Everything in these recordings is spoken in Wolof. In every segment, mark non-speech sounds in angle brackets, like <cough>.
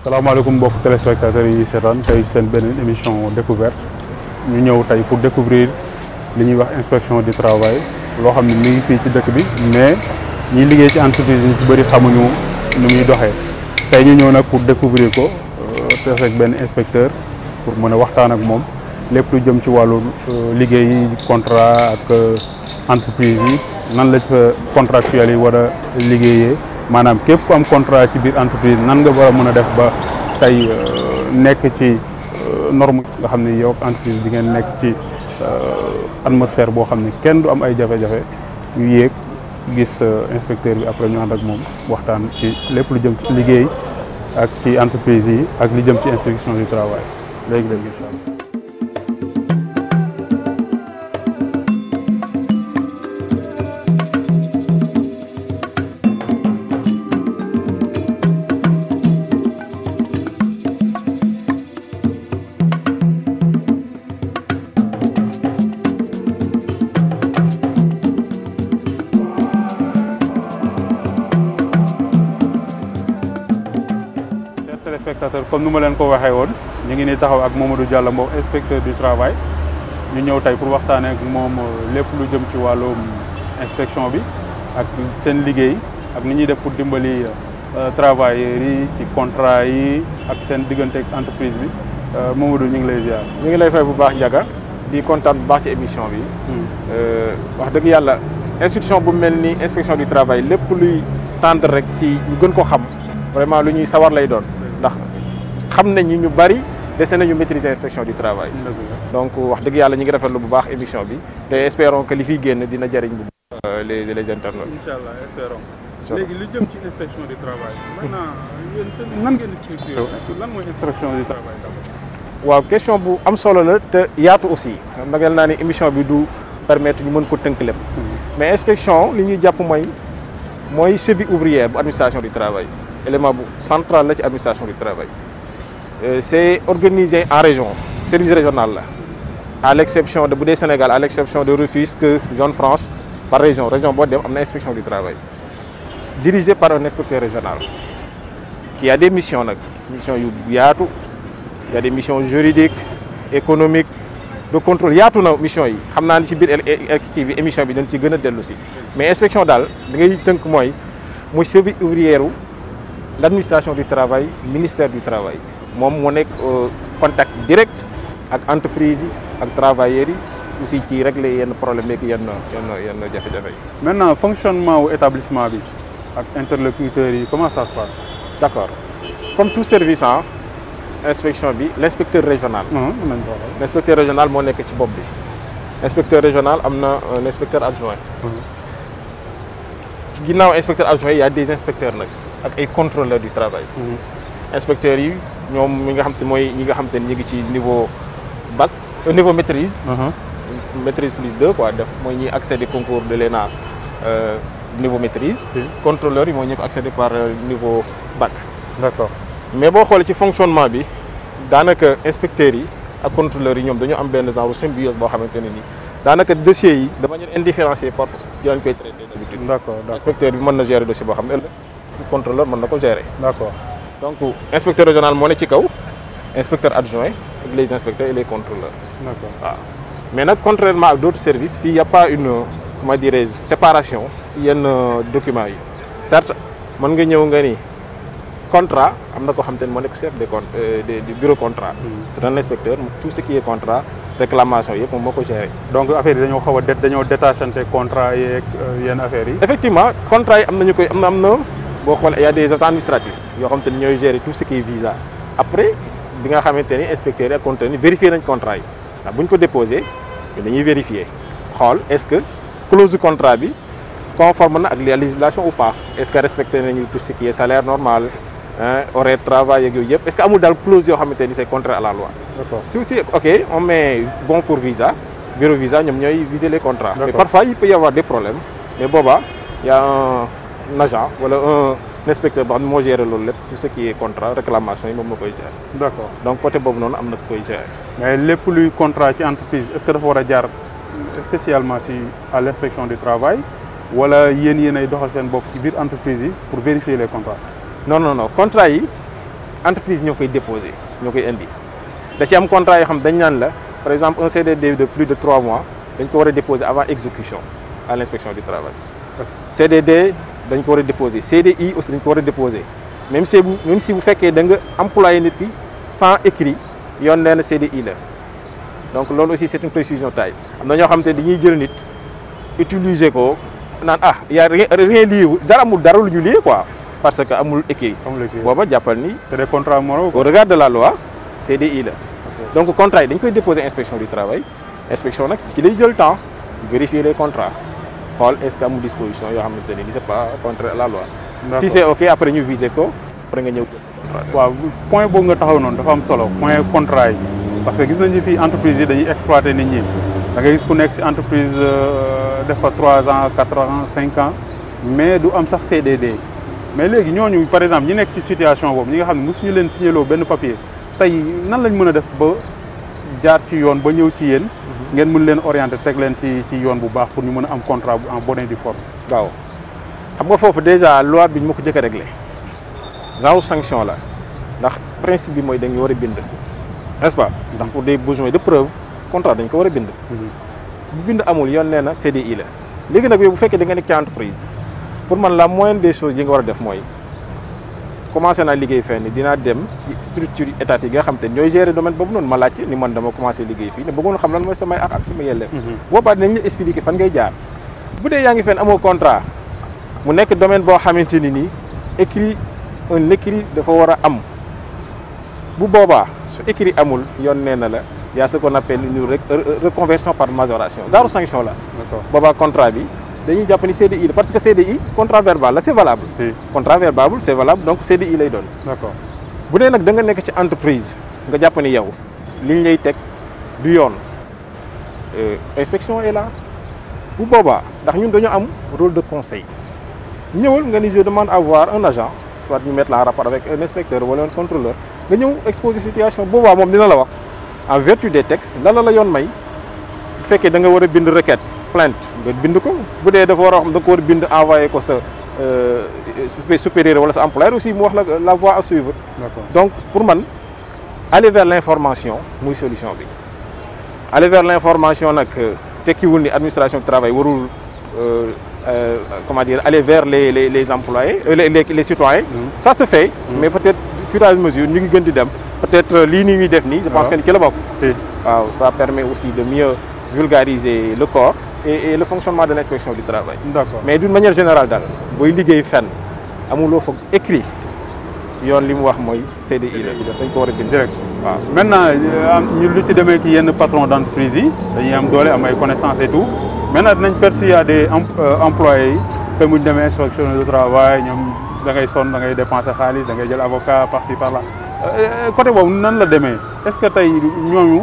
salaamaaleykum mbokk téléspectateurs yi seetaan tey seen benn émission découverte ñu ñëw tey pour découvrir li ñuy wax inspection du travail loo xam ne mi ngi fii ci dëkk bi mais ñuy liggéey ci entreprise yi ñu ci bëri xamuñu nu muy doxee tey ñu ñëw nag pour découvrir ko euh, te rek benn inspecteur pour mën a waxtaan ak moom lépp lu jëm ci wàllu euh, liggéey contrat ak euh, entreprise yi nan la fa contractuel yi war a liggéeyee maanaam képp ku am contrat ci biir entreprise nan nga war a mën a def ba tey euh, nekk ci euh, norme nga xam ne yow entreprise bi ngeen nekk ci euh, atmosphère boo xam ne kenn du am ay jafe-jafe ñu yéeg gis inspecteur bi après ñu ànd ak moom waxtaan ci lépp lu jëm ci liggéey ak ci entreprise yi ak lu jëm ci inspection du travail léegi-léegi incha ko waxee woon ñu ngi ni taxaw ak Mamadou Diallo Mbow inspecteur du travail ñu ñëw tey pour waxtaanee ak moom lépp lu jëm ci wàllum inspection bi ak seen liggéey ak ni ñuy def pour dimbali euh, travailleurs yi ci contrat yi ak seen diggante ak entreprise bi euh, Mamadou ñu ngi lay ziar. ñu ngi lay fay bu baax njaga di kontaan bu baax ci émission bi. Hmm. Euh, wax dëgg yàlla institution bu mel ni inspection du travail lépp luy tendre rek ci ñu gën ko xam vraiment lu ñuy sawar lay doon xam nañ ñu bari dese nañu maîtriser inspection du travail. donc wax dëgg yalla ñi ngi rafetlu bu baax émission bi té espérons que li fiy génn dina jëriñ bu euh, les les internautes. inshallah espérons. léegi lu jëm ci inspection du travail. maintenant yéen seen nan ngeen l'inspection inspection du travail waaw question bu am solo la te yaatu aussi. nagal naa ne émission bi du permettre ñu mën ko tënk hmm. mais inspection c'est ñuy jàpp mooy mooy suivi ouvrier bu administration du travail élément bu central de l'administration du travail. Euh, c'est organisé en région service régional à l'exception de Boudet Sénégal à l'exception de Rufisque zone france par région région boo dem a inspection du travail dirigée par un inspecteur régional il y a des missions il y a des missions juridiques économiques de contrôle Il y a toutes les missions. ni ci des kii bi émission bi dañ mais l'inspection d'al, da que moi, mooy ouvrier l'administration du travail le ministère du travail je suis euh, contact direct avec entreprise avec ak travailleurs pour régler les problèmes qui yenn maintenant fonctionnement de établissement bi comment ça se passe. D'accord. comme tout service l'inspecteur hein, inspection régional. L'inspecteur régional hum, mon ci régional c'est un inspecteur adjoint. Hum. Il inspecteur adjoint y a des inspecteurs et contrôleurs du travail. Hum. Inspecteur ñoom ñi nga xam te mooy ñi nga xam te ne ngi ci niveau bac au euh, niveau maîtrise. Uh-huh. maîtrise plus 2 quoi def moy ñi accéder concours de l'ENA euh, niveau maîtrise. contrôleur yi mooy ñëpp accéder par euh, niveau bac. d'accord mais boo xoolee ci fonctionnement bi danaka inspecteur yi ak contrôleur yi ñom dañu am ben genre symbiose bo xamante ne nii daanaka dossiers yi de ñu indifférenciée par dañ koy traiter d'habitude. d'accord inspecteur bi mën na gérer dossier bo xam ne contrôleur mën na ko gérer. d'accord donc inspecteur régional moo inspecteur adjoint les inspecteurs et les contrôleurs. d'accord ah. mais contrairement à d'autres services il n'y a pas une comment dire, séparation y yenn euh, documents certes mon nga un nga contrat am a ko du bureau contrat. Mm. C'est un inspecteur tout ce qui est contrat réclamation il moom donc affaire avons détaché xaw a et contrat y euh, yenn effectivement contrat il y ñu il y a des agents administratifs ils ont gérer tout ce qui est visa après ils nga inspecté inspecter inspecteurs yi vérifier nañ contrat Si vous déposé vérifier est-ce que clause du contrat est conforme à la législation ou pas est-ce qu'on respecte tout ce qui est salaire normal hein, horaire de travail est-ce que a une clause de à la loi. d'accord si aussi ok on met bon pour visa bureau visa ñoom viser les contrats. mais parfois il peut y avoir des problèmes mais il y a un agent wala un inspecteur boo géré tout ce qui est contrat réclamation yi donc côté bob non amna koy gérer. mais plus luy contrat ci entreprise est ce que dafa wara a spécialement si à l'inspection du travail wala yéen yéen ay doxal sen bopp ci biir entreprise pour vérifier les contrats. non non non contrat yi entreprise ñoo déposer déposé indi da ci am contrat yi xam dañ la par exemple un CDD de plus de trois mois dañ ko wara déposer avant exécution à l'inspection du travail. CDD dañ ko war déposé CDI aussi dañ ko war a déposé même si vous même si vous faites da nga employé nit ki sans écrit yoon nee na CDI la donc lolu aussi c'est une précision taille am na ñoo xam dañuy jël nit utiliser ko nan ah y a rien lié dara amul dara lu ñu lié quoi parce que amul écrit. amul écrit ni. des contrats moraux au regard de la loi CDI la. donc contrat yi dañ koy déposer inspection du travail inspection nag ci lay jël temps vérifier les contrats. xool est-ce que amul disposition yoo xamante ne ni c'est pas contraire à la loi. si c'est ok après ñu visé ko après nga ñëw. waaw point boobu nga taxaw noonu dafa am solo point contrat yi. parce que gis nañu fii entreprise yi dañuy exploiter nit ñi da ngay gis ku nekk ci entreprise euh, def fa trois ans quatre ans cinq ans mais du am sax CDD mais léegi ñooñu par exemple ñi nekk ci situation boobu ñi nga xam ne mosuñu leen signaloo benn papier tey nan lañ mën a def ba jaar ci yoon ba ñëw ci yéen. Mhm. ngeen mun leen orienter teg leen ci ci yoon bu baax pour ñu mën a am contrat bu en bonne di due forme. waaw xam nga foofu déjà loi bi ñu ma ko jëkk a réglé genre sanction la ndax principe bi mooy dañu war a bind. n'est-ce pas ndax pour des besoins de preuve contrat dañ ko war a bind. Mhm. bu bind amul yoon nee na CDI la léegi nag yow bu fekkee da nekk ci entreprise pour man la moyen de choses yi nga war a def mooy. commencé naa liggéey fenn dina dem ci structure état yi nga xam te ñooy gérer domaine bobu noonu ma lacc ni man dama commencé liggéey fi ne bëggoon xam lan moy sama ak ak sama yelleef mhm. boobaa dañ la expliquer fan ngay jaar bu dee yaa ngi fenn amoo contrat mu nekk domaine boo xamante ni écrit un écrit dafa war a am bu boba su écrit amul yoon nee na la yaa ce qu'on appelle une reconversion par majoration genre sanction la Boba contrat bi dañuy CDI parce que CDI contrat verbal valable. si contrat verbal c'est valable donc CDI lay doon. d' d'accord bu ci entreprise nga yow liñ lay teg du euh, inspection est là bu boobaa ndax ñun am rôle de conseil ñëwal nga ni demande à un agent soit ñu mettre la rapport avec un inspecteur ou un contrôleur nga ñëw exposer situation boobaa moom dina la wax en vertu des textes la la yoon may bu fekkee da requête plainte. Vous bind ko bu dee dafa war a xam ko supérieur aussi la voie à suivre. donc pour moi, aller vers l'information c'est une solution aller vers l'information information nag euh, administration du travail warul euh, euh, comment dire aller vers les employés les citoyens. Mm-hmm. ça se fait. Mm-hmm. mais peut être fur et à mesure ñu gën di peut être lii ni def je pense ah. que ni ci ça permet aussi de mieux vulgariser le corps et, et le fonctionnement de l'inspection du travail. Mais d'une manière générale daal booy liggéey fenn amuloo foog écrit yoon li que wax le CDI c'est une ko directe. a nous direct. maintenant euh, nous lu ci demee ci yenn patron d'entreprise yi dañuy am doole am ay connaissances et tout maintenant a des euh, employés yi que muñ l'inspection inspection du travail ñoom da ngay sonn da ngay dépenser xaalis da ngay jël par ci par là euh, côté boobu nan la est-ce que tey ñooñu.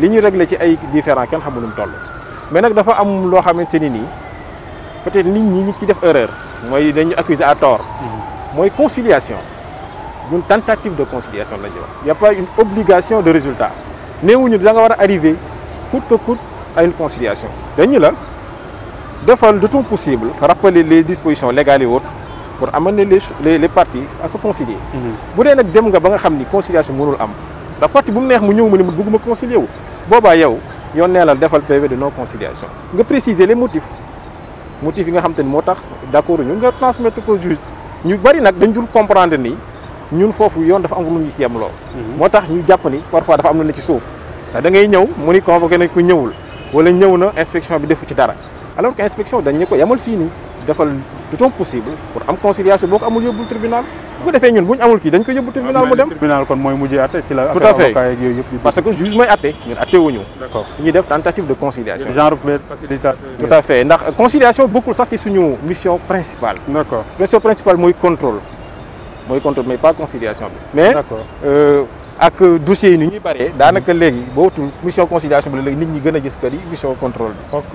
li ñu réglé ci ay différents kenn xamul mais nak dafa am loo xamante ni peut-être nit ñi ñi ci def erreur moy dañu accuser à tort une mm-hmm. conciliation une tentative de conciliation lañu il y a pas une obligation de résultat néewuñu da nga wara arriver coûte que coûte à une conciliation dañu la defal de tout possible rappeler les dispositions légales et autres pour amener les les, parties à se concilier Si mm-hmm. dee nag dem nga ba nga conciliation mënul am ndax parti bu mu neex mu ñëw mu ne man bëgguma concilier wu boobaa yow yoon nee defal PV de non conciliation nga préciser les motifs motifs yi nga xam te ni moo d'accord ñu nga transmettre ko juge ñu bari nag dañ dul comprendre ni ñun foofu yoon dafa am lu ñu ci yem lool. Mhm. moo tax ñu jàpp ni parfois dafa am lu ne ci suuf da ngay ñew mu ni convoqué nañ ku ñewul wala ñew na inspection bi defu ci dara alors que inspection dañ ne ko yemal fii nii defal tout ton possible pour am conciliation boo ko amul yóbbul tribunal bu ko defee ñun bu ñu amul kii dañ ko yóbbu tribunal mu dem tribunal kon mooy mujjee atte ci la tout à fait parce que juge moi atte ñun atte wuñu d'accord a def tentative de conciliation genre facilitation tout à fait ndax conciliation bokkul qui ci suñu mission principale d'accord mission principale moi contrôle moi contrôle mais pas conciliation mais mais euh, ak dossier, yi ni ñuy dans daanaka léegi boo wutul mission conciliation mais la léegi nit ñi gën gis que mission contrôle ok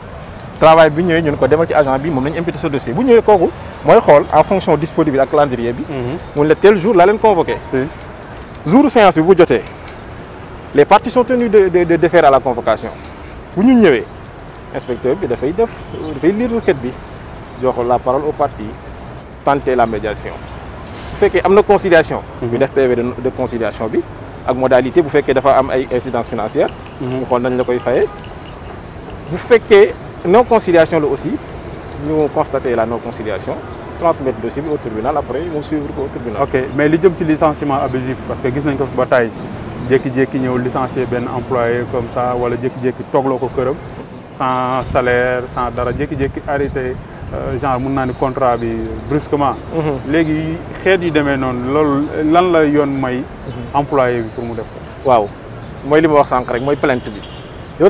travail bi ñëwé ñun ko démal ci agent bi moom lañu imputé sa dossier bu ñëwé koku moy xol en fonction disponible ak calendrier bi. Mhm. mun le tel jour la leen convoqué. jour séance bi bu joté les parties sont tenues de de de faire à la convocation bu ñu ñëwé inspecteur bi fay def fay lire requête bi jox la parole aux parties tenter la médiation bu fekkee am conciliation. Mhm. ñu def PV de conciliation bi. ak modalité bu fekkee dafa am ay incidence financière. Mhm. mu xol nañ la koy fayé bu fekkee non-conciliation aussi, nous constatons la non-conciliation, transmettre le dossier au tribunal, après nous suivre au tribunal. Ok, mais les jobs des licenciement abusif, parce que nous avons une bataille, jékki-jékki ñëw licencié benn employé comme ça wala jékki qui toogloo au sans salaire sans dara des jékki arrêté euh, genre mun naa ni contrat brusquement. Mhm. léegi xeet yu demee un loolu lan la yoon may. Mhm. employé bi pour mu def ko. waaw mooy li ma wax sànq rek mooy plainte bi yow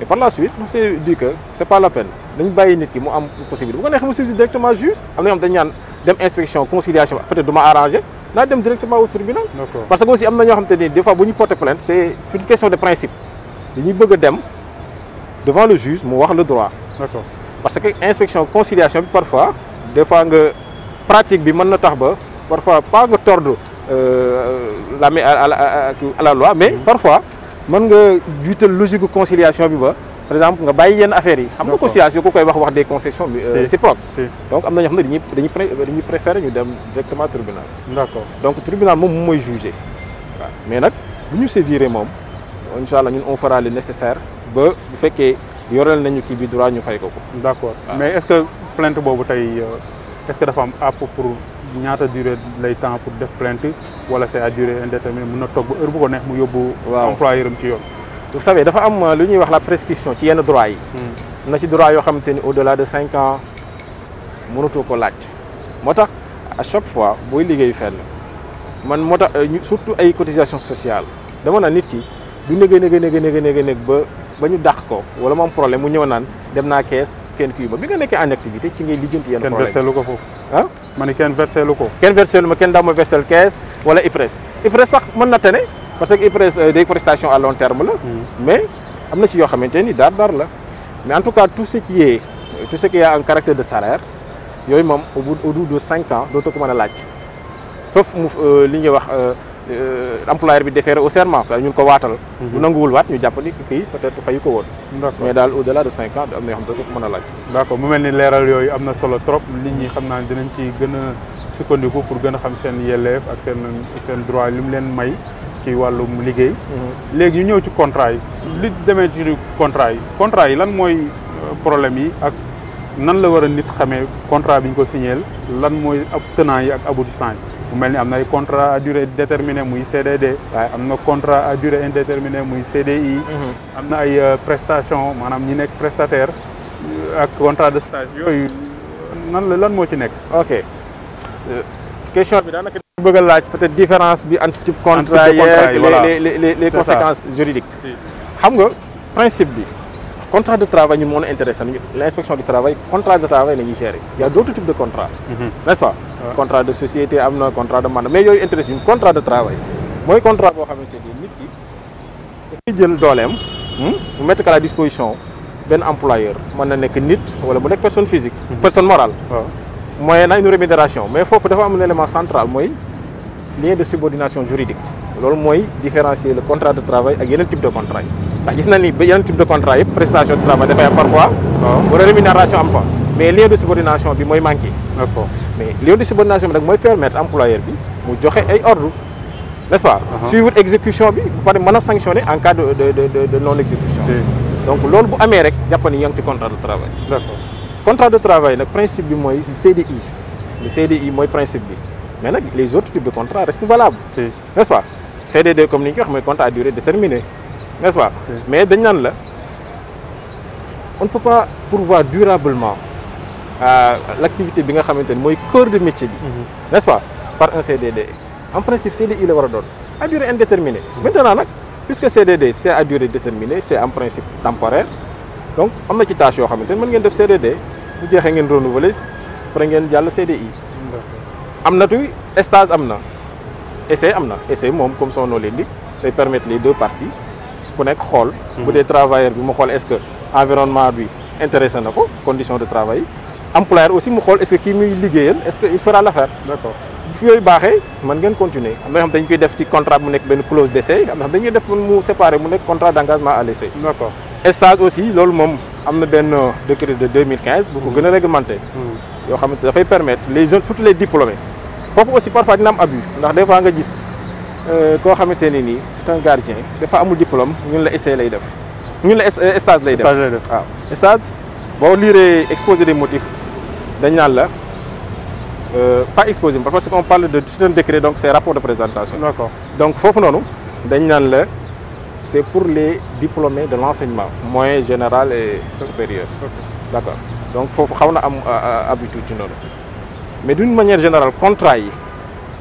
et par la suite on s'est dit que ce n'est pas la peine On a une am possibilité bu on neexee mu directement juge on avons une inspection, inspection conciliation peut-être de m'arranger. arrangé dem directement au tribunal parce que aussi on avons des fois bu ñu porter plainte C'est une question de principe Nous bëgg a dem devant le juge mu wax le droit parce que inspection conciliation parfois des fois nga pratique bi mën parfois pas tordre euh, la à la loi mais mm-hmm. parfois man nga juital logique conciliation bi ba par exemple nga bàyyi yenn affaire yi xam nga conciliation ku koy wax wax des concessions euh, c'est pas. donc am na ñoo xam ne dañuy dañuy dañuy ñu dem directement tribunal d'accord donc tribunal moom moom mooy juger mais nag bu ñu saisiré moom incha allah ñun on fera le nécessaire ba bu fekkee yoreel nañu kii bi droit ñu fay ko ko d'accord mais est-ce que plainte boobu tey euh, est-ce que dafa am app pour ñaata durée lay temps pour def plainte wala c'est à durée indéterminée mun na heure bu ko neex mu yobbu waaw employeur ci yoon. vous savez dafa am euh, lu ñuy wax la prescription ci yenn droit yi. Hmm. na ci droit yo xamante ni au delà de 5 ans mënoto ko lacc motax à chaque fois boy liggéey fenn man motax euh, surtout ay cotisations sociales dama na nit ki du néga néga néga néga néga ba. ba ñu dàq ko wala moom am problème mu ñëw naan dem naa kees kenn kii ma bi nga nekkee en activité ci ngay lijjanti yenn problème kenn versé ko foofu ah ma ne kenn versé lu ko kenn versé lu ma kenn daa ma kees wala IPRES IPRES sax mën na tene parce que IPRES euh, déforestation à long terme la hmm. mais am na ci yoo xamante ni daar daar la mais en tout cas tout ce qui est tout ce qui a un caractère de salaire yooyu moom au bout de cinq ans dootoo ko mën a laaj sauf mu euh, li ñuy wax euh, Euh, employeur bi déféré au ñu ñun ko waatal mhm. bu nanguwul waat ñu jàpp ni kii peut-être fayu ko woon mais daal au delà de cinq ans am na yoo xam ne mën a laaj d'accord mu mel ni leeral yooyu am na solo trop nit ñi xam naa dinañ ci gën a sukkandiku pour gën a xam seen yelleef ak seen seen droit li mu leen may ci wàllu liggéey mhm. léegi ñu ñëw ci contrat yi li demee ci contrat yi contrat yi lan mooy euh, problème yi ak nan la war a nit xamee contrat bi ñu ko signeel lan mooy ab tenant yi ak aboutissant yi Il y un contrat à durée déterminée un CDD. Un contrat à durée indéterminée un CDI. une prestation un prestataire Un euh, contrat de stage non, nan la lan moo ci ok euh, question bi daanaka peut-être différence entre type contrat et les conséquences juridiques. xam nga principe contrat de travail nous mon intéressant. l'inspection du travail contrat de travail est ñuy Il y a d'autres types de contrats. Mhm. n'est-ce pas contrat de société un contrat de mandat mais il y intéressant un contrat de travail Le contrat pour travail, ni nit ki jël hmm, mettre à la disposition Ben employeur mën na nekk nit wala personne physique mhm. personne morale y a une rémunération mais il faut avoir un élément central Moi, lien de subordination juridique Il faut différencier le contrat de travail avec un type de contrat il y a ni type de contrat prestation de travail parfois. pour rémunération Mais le mais lien de subordination est manqué. Mais le lien de subordination bi à l'employeur permettre employeur bi mu joxe ay ordre n'est-ce pas. Uh-huh. suivre l'exécution, vous pouvez sanctionner en cas de non exécution. donc loolu Amérique, il rek a des contrats contrat de travail. d'accord contrat de travail le principe du CDI. le CDI le principe mais les autres types de contrats restent valables. n'est-ce pas CDD comme ni contrat à durée déterminée n'est-ce pas mais dañ la on ne peut pas pourvoir durablement euh, l'activité bi nga xamante ni cœur de métier bi mhm. n'est-ce pas par un CDD en principe CDI il est a doon à durée indéterminée mhm. maintenant nag puisque CDD c'est à durée déterminée c'est en principe temporaire donc on na ci tâche yoo xamante ni ngeen def CDD bu jeexee ngeen renouveler pour ngeen jàll CDI Amna tu stage amna, essai amna, essai mom comme son nom l'indique permettre les deux parties ku nekk mhm. bu dee travailleur est-ce que environnement bi intéressé na conditions de travail yi. employeur aussi mu xool est-ce que kii muy est-ce que il fera l'affaire. d'accord Si yooyu baaxee mën ngeen continuer am na yoo xam dañ koy def ci contrat mu nekk benn clause d'essai am na xam dañuy def mu séparé mu nekk contrat d'engagement à l'essai. d'accord Et stage aussi loolu moom am na benn décret de 2015. bu ko mhm. gën a réglementé. Mhm. yoo xamante dafay permettre les jeunes surtout les diplômés. foofu aussi parfois dina am abus ndax des fois nga gis. Euh, c'est un gardien Il amul diplôme ñun diplôme essai lay la euh, stage lay def stage stage des motifs dañ euh, pas exposé parce qu'on parle de c'est un décret donc c'est rapport de présentation. d'accord donc il faut que nous c'est pour les diplômés de l'enseignement moyen général et supérieur. d'accord donc il faut que am habitude mais d'une manière générale contraire.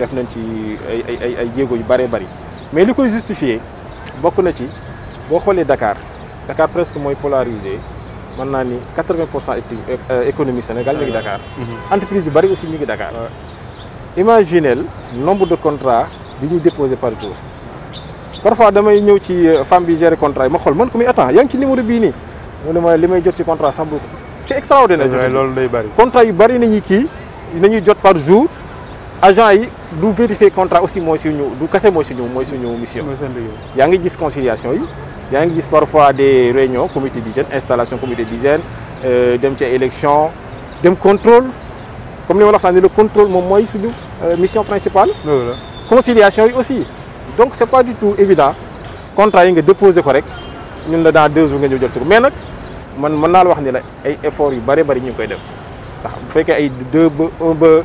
def nañ ci ay ay ay ay yu bëree bëri mais li koy justifier bokk na ci boo xoolee Dakar Dakar presque mooy polarisé man naa ni 80 pour cent euh, économie Sénégal mi ngi Dakar. Mhm. entreprise yu bëri aussi ñu ngi Dakar. imaginel nombre de contrat bi ñuy déposé par jour parfois damay ñëw ci euh, femme bi gérer contrat yi ma xool man ko muy attend yaa ngi ci numéro bii nii mu li may jot ci contrat sàmm c' est extraordinaire. loolu day bari contrat yu bëri nañu kii nañuy jot par jour. agent yi du vérifier contrat aussi mooy suñu du kese mooy suñu mooy suñu mission. ya nga gis conciliation yi ya nga gis parfois des réunions comité d'hygiène installation comité d'hygiène euh, dem ci élection dem contrôle comme li ma la ni le contrôle mom moy suñu euh, mission principale. conciliation yi aussi donc c'est pas du tout évident contrat yi nga déposé ko rek ñun la dans deux jours nga ñu jël ci ko mais nak man man na la wax ni la ay efforts yu bari bari ñu koy def ndax bu fekkee ay deux ba un ba.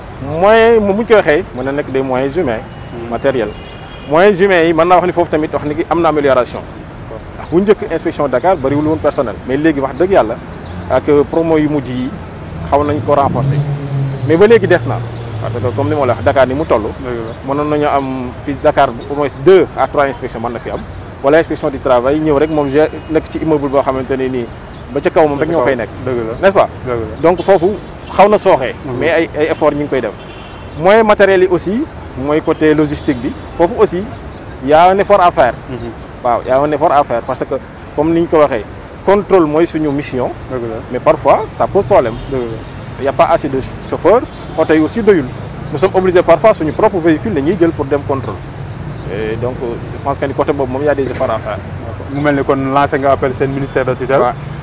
moyens moom bu ñu ko na nek des moyens humains hmm. matériels moyens humains yi mën naa wax ni foofu tamit wax ni ki amélioration ndax bu njëkk inspection Dakar bari bariwul won personnel mais légui wax deug yalla ak promo yu mujj yi xaw nañ ko renforcer mais ba légui dess na parce que comme ni mo la wax Dakar ni mu toll mënoon nañu am fi Dakar au moins deux à 3 inspections man na fi am wala inspection du travail ñëw rek mom nekk ci immeuble bo xamanteni ni ba ca kaw mom rek ñoo fay n'est-ce pas donc foofu xaw na sooxee mhm. mais ay ay effort ñu ngi koy def mooy matériel yi aussi mooy côté logistique bi foofu aussi y a un effort à faire mhm. waaw y a un effort à faire parce que comme nous ko waxee contrôle mooy suñu mission mais parfois ça pose problème Il y a pas assez de chauffeurs oto yi aussi doyul nous sommes obligés parfois suñu propre véhicule la ñuy jël pour dem contrôle Et donc euh, je pense que côté boobu moom y a des efforts à faire mu mel ni kon lancé nga appel seen ministère de tutelle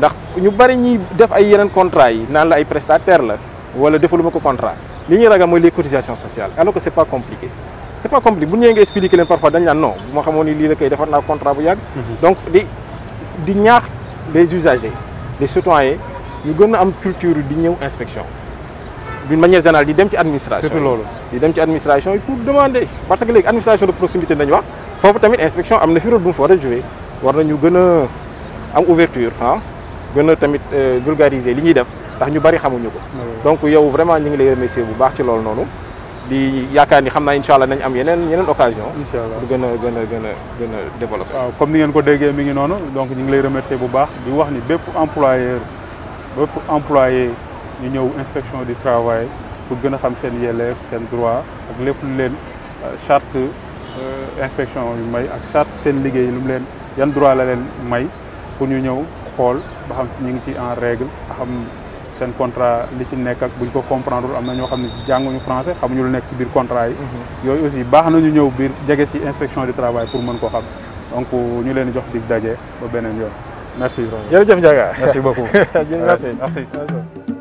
nous avons bari un contrat yi les prestataires ay prestataire la wala ko contrat li avons les cotisations sociales alors que n'est pas compliqué Ce n'est pas compliqué si vous expliquez parfois dañ non je xamoon que contrat mhm. donc les usagers les citoyens nous avons une culture d'inspection. d'une manière générale di dem ci administration Ils loolu di administration pour demander parce que l'administration de proximité ils faut foofu tamit inspection am na fi jouer ouverture hein gën tamit euh, vulgariser li ñuy def ndax ñu bari xamuñu ko donc yow vraiment ñu ngi lay remercier bu baax ci lool nonu di yaakaar ni xam naa incha nañ am yeneen yeneen occasion incha pour gën a gën a gën a gën a développer waaw comme ni ngeen ko déggee mi ngi noonu donc ñu ngi lay remercier bu baax di wax ni bépp employeur bépp employé ñu ñëw inspection du travail pour gën a xam seen yelleef seen droit ak lépp lu leen euh, charte euh, inspection yu may ak charte seen liggéey lu leen yan droit la leen may pour ñu ñëw xool ba xam si ñu ngi ci en règle ba xam seen contrat li ci nekk ak buñ ko comprendre am na ñoo xam ne jànguñu français xamuñu lu nekk ci biir contrat yi. Mhm. yooyu aussi baax na ñu ñëw biir jege ci inspection du travail pour mën ko xam donc ñu leen jox dig daje ba beneen yoon merci. jërëjëf Ndiaga merci beaucoup <laughs> merci merci.